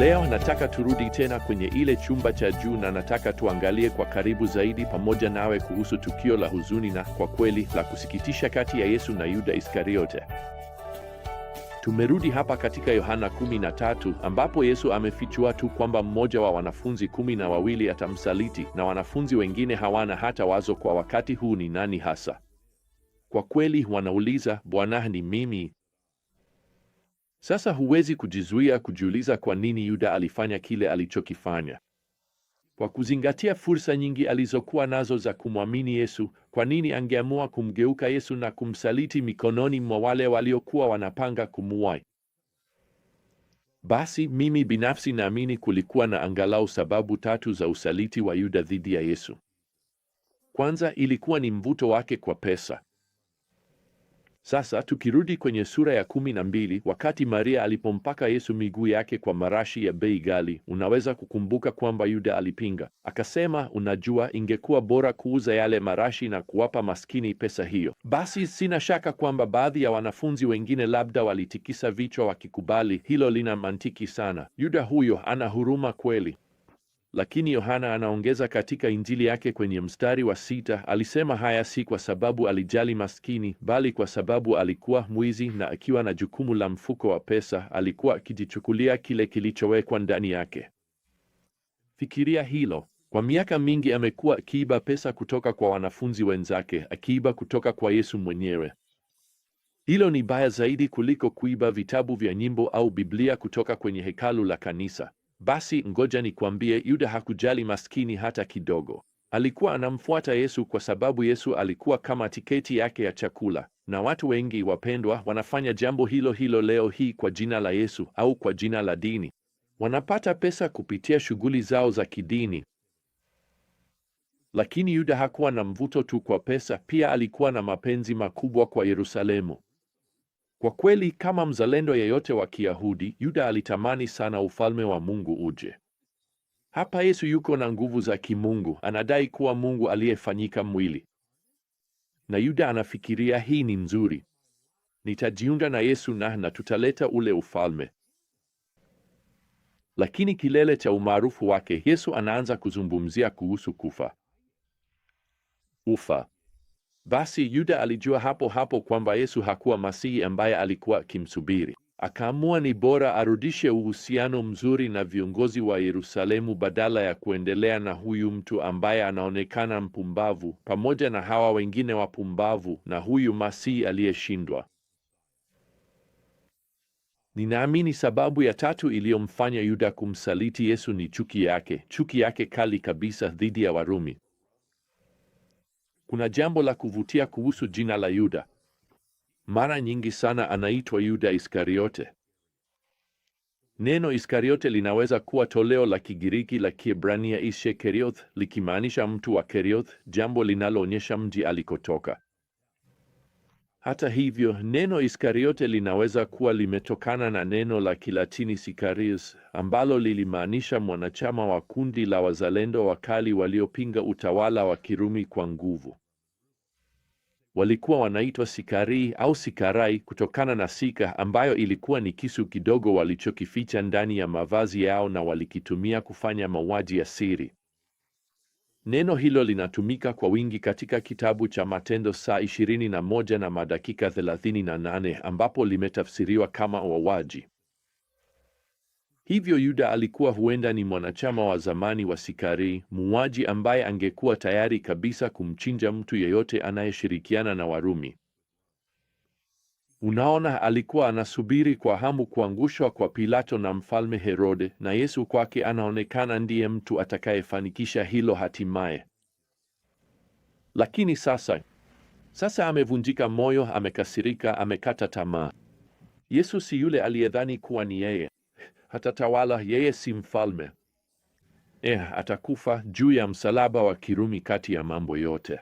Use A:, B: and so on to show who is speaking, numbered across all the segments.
A: Leo nataka turudi tena kwenye ile chumba cha juu na nataka tuangalie kwa karibu zaidi pamoja nawe kuhusu tukio la huzuni na kwa kweli la kusikitisha kati ya Yesu na Yuda Iskariote. Tumerudi hapa katika Yohana 13 ambapo Yesu amefichua tu kwamba mmoja wa wanafunzi kumi na wawili atamsaliti na wanafunzi wengine hawana hata wazo kwa wakati huu ni nani hasa. Kwa kweli wanauliza, Bwana, ni mimi? Sasa huwezi kujizuia kujiuliza kwa nini Yuda alifanya kile alichokifanya. Kwa kuzingatia fursa nyingi alizokuwa nazo za kumwamini Yesu, kwa nini angeamua kumgeuka Yesu na kumsaliti mikononi mwa wale waliokuwa wanapanga kumuua? Basi mimi binafsi naamini kulikuwa na angalau sababu tatu za usaliti wa Yuda dhidi ya Yesu. Kwanza, ilikuwa ni mvuto wake kwa pesa. Sasa tukirudi kwenye sura ya kumi na mbili, wakati Maria alipompaka Yesu miguu yake kwa marashi ya bei ghali, unaweza kukumbuka kwamba Yuda alipinga akasema, unajua, ingekuwa bora kuuza yale marashi na kuwapa maskini pesa hiyo. Basi sina shaka kwamba baadhi ya wanafunzi wengine labda walitikisa vichwa wakikubali, hilo lina mantiki sana, Yuda huyo ana huruma kweli. Lakini Yohana anaongeza katika Injili yake kwenye mstari wa sita, alisema haya si kwa sababu alijali maskini, bali kwa sababu alikuwa mwizi na akiwa na jukumu la mfuko wa pesa, alikuwa akijichukulia kile kilichowekwa ndani yake. Fikiria hilo. Kwa miaka mingi amekuwa akiiba pesa kutoka kwa wanafunzi wenzake, akiiba kutoka kwa Yesu mwenyewe. Hilo ni baya zaidi kuliko kuiba vitabu vya nyimbo au Biblia kutoka kwenye hekalu la kanisa. Basi ngoja nikwambie, Yuda hakujali maskini hata kidogo. Alikuwa anamfuata Yesu kwa sababu Yesu alikuwa kama tiketi yake ya chakula. Na watu wengi wapendwa, wanafanya jambo hilo hilo leo hii kwa jina la Yesu au kwa jina la dini. Wanapata pesa kupitia shughuli zao za kidini. Lakini Yuda hakuwa na mvuto tu kwa pesa, pia alikuwa na mapenzi makubwa kwa Yerusalemu. Kwa kweli, kama mzalendo yeyote wa Kiyahudi, Yuda alitamani sana ufalme wa Mungu uje. Hapa Yesu yuko na nguvu za kimungu, anadai kuwa Mungu aliyefanyika mwili, na Yuda anafikiria hii ni nzuri, nitajiunga na Yesu na na tutaleta ule ufalme. Lakini kilele cha umaarufu wake, Yesu anaanza kuzungumzia kuhusu kufa ufa basi Yuda alijua hapo hapo kwamba Yesu hakuwa Masihi ambaye alikuwa akimsubiri. Akaamua ni bora arudishe uhusiano mzuri na viongozi wa Yerusalemu badala ya kuendelea na huyu mtu ambaye anaonekana mpumbavu pamoja na hawa wengine wapumbavu na huyu Masihi aliyeshindwa. Ninaamini sababu ya tatu iliyomfanya Yuda kumsaliti Yesu ni chuki yake, chuki yake kali kabisa dhidi ya Warumi. Kuna jambo la kuvutia kuhusu jina la Yuda. Mara nyingi sana anaitwa Yuda Iskariote. Neno Iskariote linaweza kuwa toleo la Kigiriki la Kiebrania Iskarioth, likimaanisha mtu wa Kerioth, jambo linaloonyesha mji alikotoka. Hata hivyo, neno Iskariote linaweza kuwa limetokana na neno la Kilatini sicarius, ambalo lilimaanisha mwanachama wa kundi la wazalendo wakali waliopinga utawala wa Kirumi kwa nguvu. Walikuwa wanaitwa sikarii au sikarai kutokana na sika, ambayo ilikuwa ni kisu kidogo walichokificha ndani ya mavazi yao na walikitumia kufanya mauaji ya siri. Neno hilo linatumika kwa wingi katika kitabu cha Matendo saa 21 na madakika 38 ambapo limetafsiriwa kama wawaji. Hivyo Yuda alikuwa huenda ni mwanachama wa zamani wa sikarii muuaji ambaye angekuwa tayari kabisa kumchinja mtu yeyote anayeshirikiana na Warumi. Unaona, alikuwa anasubiri kwa hamu kuangushwa kwa Pilato na Mfalme Herode, na Yesu kwake anaonekana ndiye mtu atakayefanikisha hilo hatimaye. Lakini sasa sasa amevunjika moyo, amekasirika, amekata tamaa. Yesu si yule aliyedhani kuwa ni yeye hatatawala, yeye si mfalme. Eh, atakufa juu ya msalaba wa Kirumi kati ya mambo yote.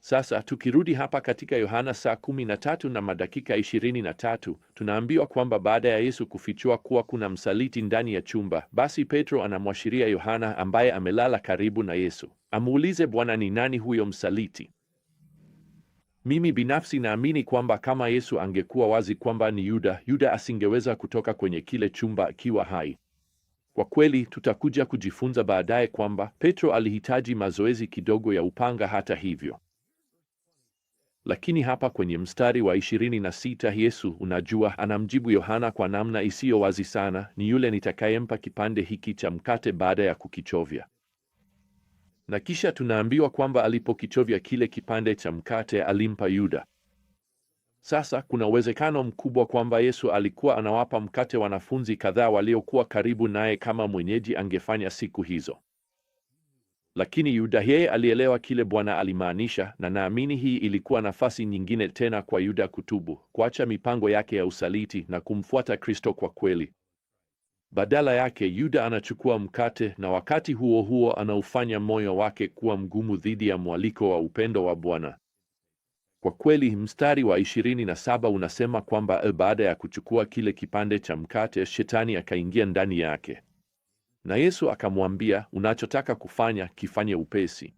A: Sasa tukirudi hapa katika Yohana saa kumi na tatu na madakika ishirini na tatu tunaambiwa kwamba baada ya Yesu kufichua kuwa kuna msaliti ndani ya chumba, basi Petro anamwashiria Yohana ambaye amelala karibu na Yesu amuulize, Bwana, ni nani huyo msaliti? Mimi binafsi naamini kwamba kama Yesu angekuwa wazi kwamba ni Yuda, Yuda asingeweza kutoka kwenye kile chumba akiwa hai. Kwa kweli tutakuja kujifunza baadaye kwamba Petro alihitaji mazoezi kidogo ya upanga hata hivyo. Lakini hapa kwenye mstari wa ishirini na sita Yesu, unajua, anamjibu Yohana kwa namna isiyo wazi sana, ni yule nitakayempa kipande hiki cha mkate baada ya kukichovya. Na kisha tunaambiwa kwamba alipokichovya kile kipande cha mkate alimpa Yuda. Sasa kuna uwezekano mkubwa kwamba Yesu alikuwa anawapa mkate wanafunzi kadhaa waliokuwa karibu naye kama mwenyeji angefanya siku hizo. Lakini Yuda yeye alielewa kile Bwana alimaanisha, na naamini hii ilikuwa nafasi nyingine tena kwa Yuda kutubu, kuacha mipango yake ya usaliti na kumfuata Kristo kwa kweli. Badala yake Yuda anachukua mkate na wakati huo huo anaufanya moyo wake kuwa mgumu dhidi ya mwaliko wa upendo wa Bwana. Kwa kweli, mstari wa 27 unasema kwamba e, baada ya kuchukua kile kipande cha mkate, shetani akaingia ndani yake. Na Yesu akamwambia, unachotaka kufanya kifanye upesi.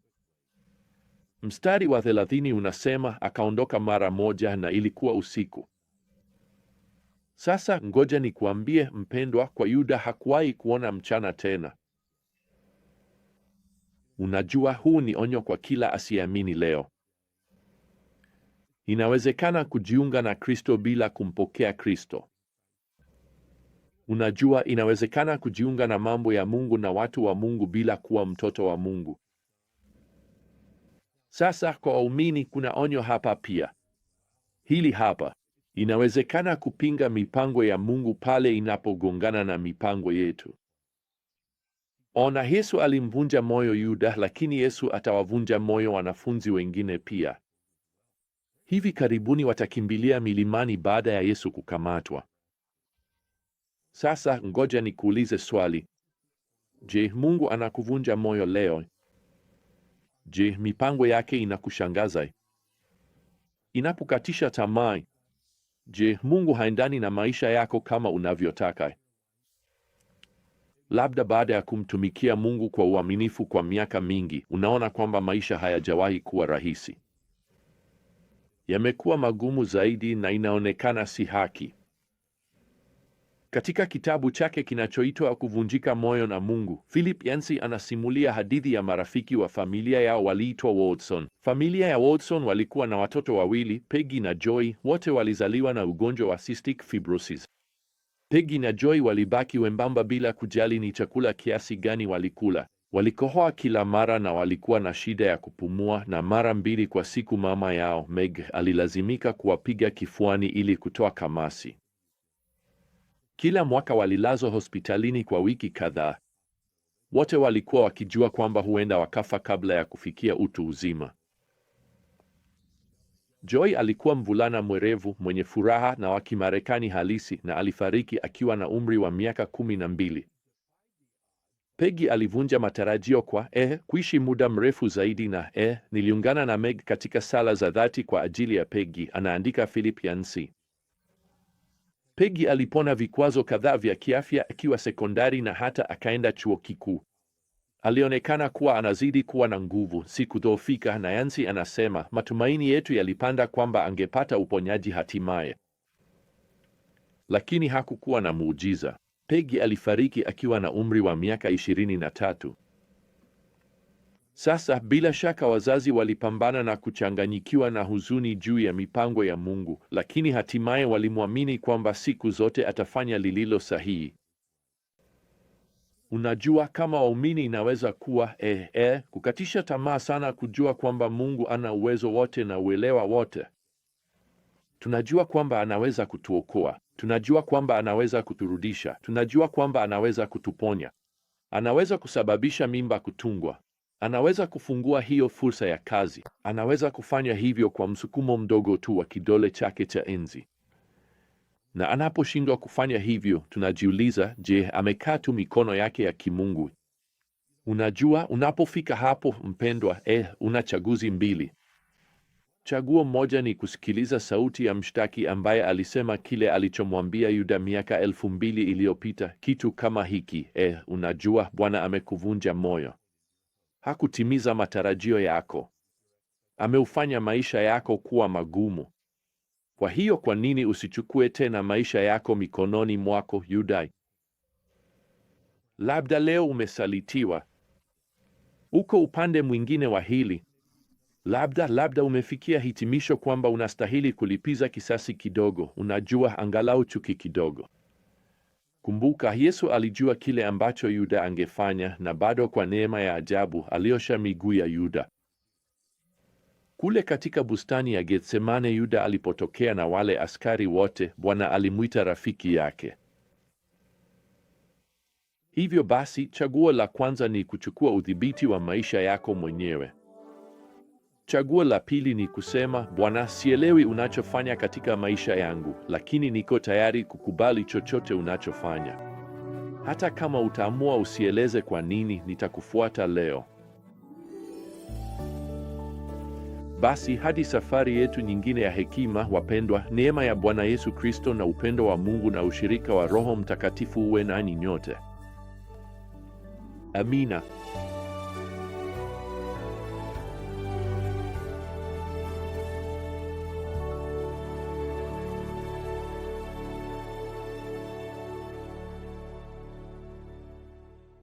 A: Mstari wa thelathini unasema akaondoka mara moja na ilikuwa usiku. Sasa ngoja nikuambie mpendwa, kwa Yuda hakuwahi kuona mchana tena. Unajua, huu ni onyo kwa kila asiyeamini leo. Inawezekana kujiunga na Kristo bila kumpokea Kristo. Unajua, inawezekana kujiunga na mambo ya Mungu na watu wa Mungu bila kuwa mtoto wa Mungu. Sasa kwa waumini kuna onyo hapa pia. Hili hapa. Inawezekana kupinga mipango ya Mungu pale inapogongana na mipango yetu. Ona, Yesu alimvunja moyo Yuda, lakini Yesu atawavunja moyo wanafunzi wengine pia. Hivi karibuni watakimbilia milimani baada ya Yesu kukamatwa. Sasa ngoja nikuulize swali. Je, Mungu anakuvunja moyo leo? Je, mipango yake inakushangaza? inapokatisha tamaa? Je, Mungu haendani na maisha yako kama unavyotaka? Labda baada ya kumtumikia Mungu kwa uaminifu kwa miaka mingi, unaona kwamba maisha hayajawahi kuwa rahisi. Yamekuwa magumu zaidi na inaonekana si haki. Katika kitabu chake kinachoitwa Kuvunjika Moyo na Mungu, Philip Yancey anasimulia hadithi ya marafiki wa familia yao waliitwa Watson. Familia ya Watson walikuwa na watoto wawili, Peggy na Joy. Wote walizaliwa na ugonjwa wa cystic fibrosis. Peggy na Joy walibaki wembamba bila kujali ni chakula kiasi gani walikula. Walikohoa kila mara na walikuwa na shida ya kupumua, na mara mbili kwa siku mama yao Meg alilazimika kuwapiga kifuani ili kutoa kamasi. Kila mwaka walilazwa hospitalini kwa wiki kadhaa. Wote walikuwa wakijua kwamba huenda wakafa kabla ya kufikia utu uzima. Joy alikuwa mvulana mwerevu mwenye furaha na wa Kimarekani halisi na alifariki akiwa na umri wa miaka kumi na mbili. Peggy alivunja matarajio kwa eh, kuishi muda mrefu zaidi na eh, niliungana na Meg katika sala za dhati kwa ajili ya Peggy, anaandika Philip Yancey. Pegi alipona vikwazo kadhaa vya kiafya akiwa sekondari na hata akaenda chuo kikuu. Alionekana kuwa anazidi kuwa na nguvu, si kudhoofika, na Yancy anasema matumaini yetu yalipanda kwamba angepata uponyaji hatimaye, lakini hakukuwa na muujiza. Pegi alifariki akiwa na umri wa miaka ishirini na tatu. Sasa bila shaka wazazi walipambana na kuchanganyikiwa na huzuni juu ya mipango ya Mungu, lakini hatimaye walimwamini kwamba siku zote atafanya lililo sahihi. Unajua, kama waumini inaweza kuwa eh, eh, kukatisha tamaa sana kujua kwamba Mungu ana uwezo wote na uelewa wote. Tunajua kwamba anaweza kutuokoa, tunajua kwamba anaweza kuturudisha, tunajua kwamba anaweza kutuponya, anaweza kusababisha mimba kutungwa anaweza kufungua hiyo fursa ya kazi. Anaweza kufanya hivyo kwa msukumo mdogo tu wa kidole chake cha enzi. Na anaposhindwa kufanya hivyo, tunajiuliza, je, amekaa tu mikono yake ya kimungu? Unajua, unapofika hapo mpendwa, eh, una chaguzi mbili. Chaguo moja ni kusikiliza sauti ya mshtaki ambaye alisema kile alichomwambia Yuda miaka elfu mbili iliyopita, kitu kama hiki: eh, unajua Bwana amekuvunja moyo. Hakutimiza matarajio yako. Ameufanya maisha yako kuwa magumu. Kwa hiyo kwa nini usichukue tena maisha yako mikononi mwako, Yudai? Labda leo umesalitiwa, uko upande mwingine wa hili. Labda labda umefikia hitimisho kwamba unastahili kulipiza kisasi kidogo, unajua, angalau chuki kidogo. Kumbuka, Yesu alijua kile ambacho Yuda angefanya, na bado kwa neema ya ajabu aliosha miguu ya Yuda. Kule katika bustani ya Getsemane, Yuda alipotokea na wale askari wote, Bwana alimwita rafiki yake. Hivyo basi, chaguo la kwanza ni kuchukua udhibiti wa maisha yako mwenyewe. Chaguo la pili ni kusema, Bwana, sielewi unachofanya katika maisha yangu, lakini niko tayari kukubali chochote unachofanya. Hata kama utaamua usieleze kwa nini, nitakufuata leo. Basi hadi safari yetu nyingine ya hekima, wapendwa, neema ya Bwana Yesu Kristo na upendo wa Mungu na ushirika wa Roho Mtakatifu uwe nanyi nyote. Amina.